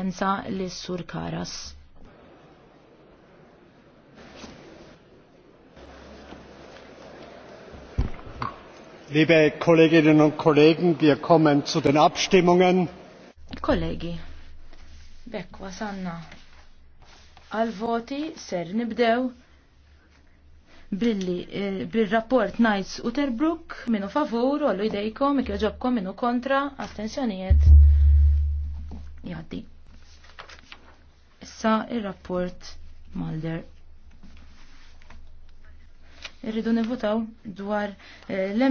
assistenza li sur Karas. Liebe Kolleginnen und Kollegen, wir kommen zu den Abstimmungen. Kollegi, bekk wasanna al voti ser nibdew billi eh, bil-rapport Nights Uterbrook minu favur, għallu idejkom, ikjoġobkom minu kontra, astensjonijiet. Jaddi sa il-rapport Mulder. Irridu nivutaw dwar eh, l